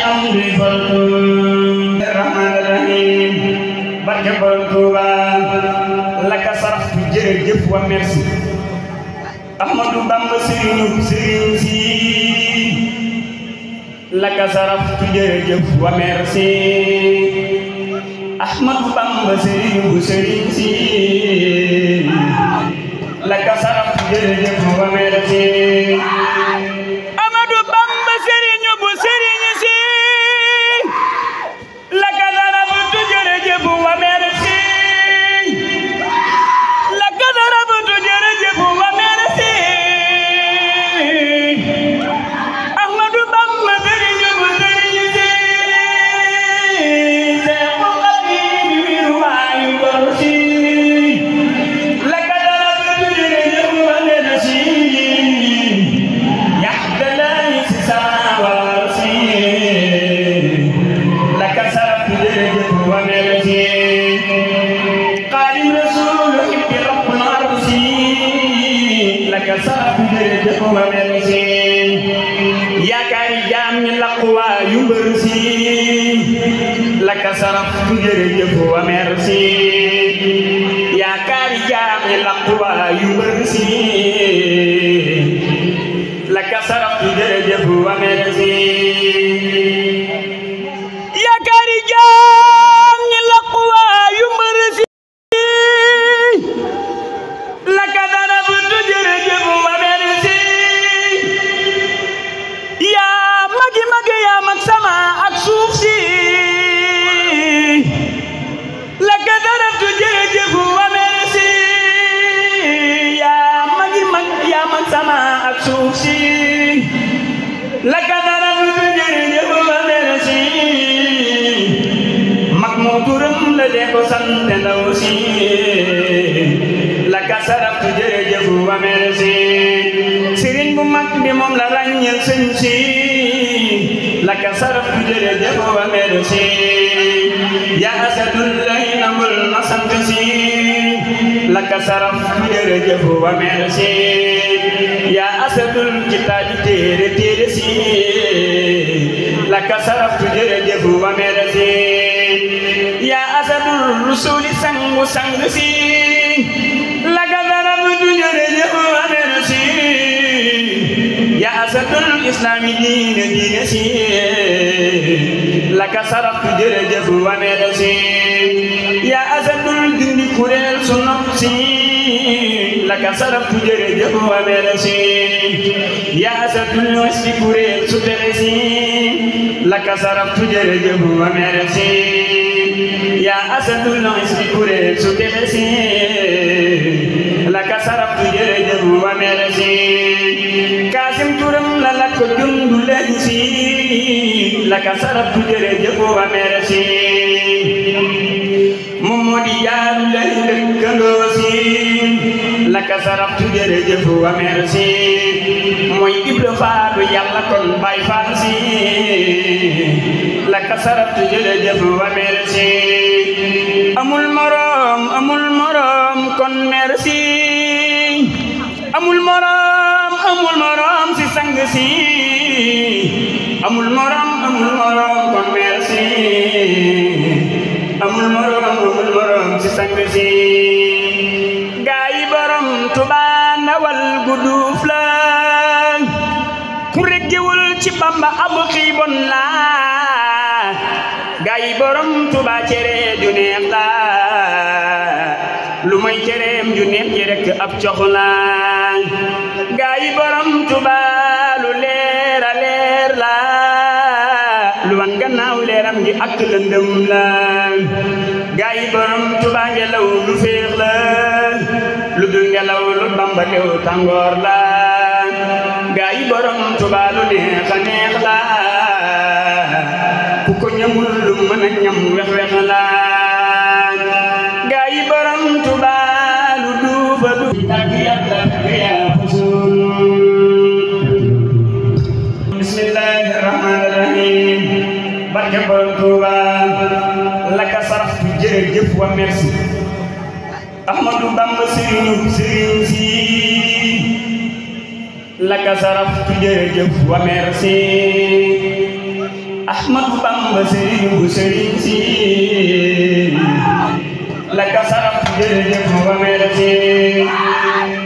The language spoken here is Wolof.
am di faltum rahmaan rahim wa merci Ahmadou laqwa yu bër si laka saraf jërëjëf wa merci yaakaari jaam yi laqwa yu bër si laka saraf jërëjëf wa merci suuf si lekk na la lu du njëriñ yëpp la leer si mag mu turam la dee ko sant ndaw si lekk saraftu wa merci sëriñ bu mag bi moom la ràññeel si lekk saraftu jërëjëf wa wa merci asadul kitaabi téere téere si la ka saraftu jërëjëf wa mere si yaa asadul rusuli sangu sangu si la ka saraftu jërëjëf wa mere si yaa asadul islami diine diine si la ka saraftu jërëjëf wa mere si yaa asadul dindi kuréel sun sarabtu jërëjëf wamela si yaasatul was ci su texe si laka sarabtu jërëjëf wamela si yaasatul was ci kuréel si la lakk jundu leen si laka sarabtu si moom moo di jaaru leen dëkkandoo innaka saraftu jërëjëf wa merci mooy ibra faatu yàlla kon bay faal si laka saraftu jërëjëf wa merci amul morom amul morom kon merci amul morom amul morom kon merci tubaan wal ku reggiwul ci bamba abu xiibon la gaay borom tuba cere ju neex la lu muy cereem ju neex ji ab cox la gaay borom tuba lu leer leer la lu wan gannaaw leeram gi ak lëndëm la gaay borom tuba ngelaw lu fee bade utangor la gaay borom tuba lu neex neex la ku ko ñamul lu mëna ñam wex wex la gaay borom tuba lu duufa du ya barke borom tuba laka jere wa merci ahmadu bamba sëriñu sëriñ si laka saraftu jërëjëf wa merci ahmadu bamba sëriñu sëriñ si laka saraftu jërëjëf wa merci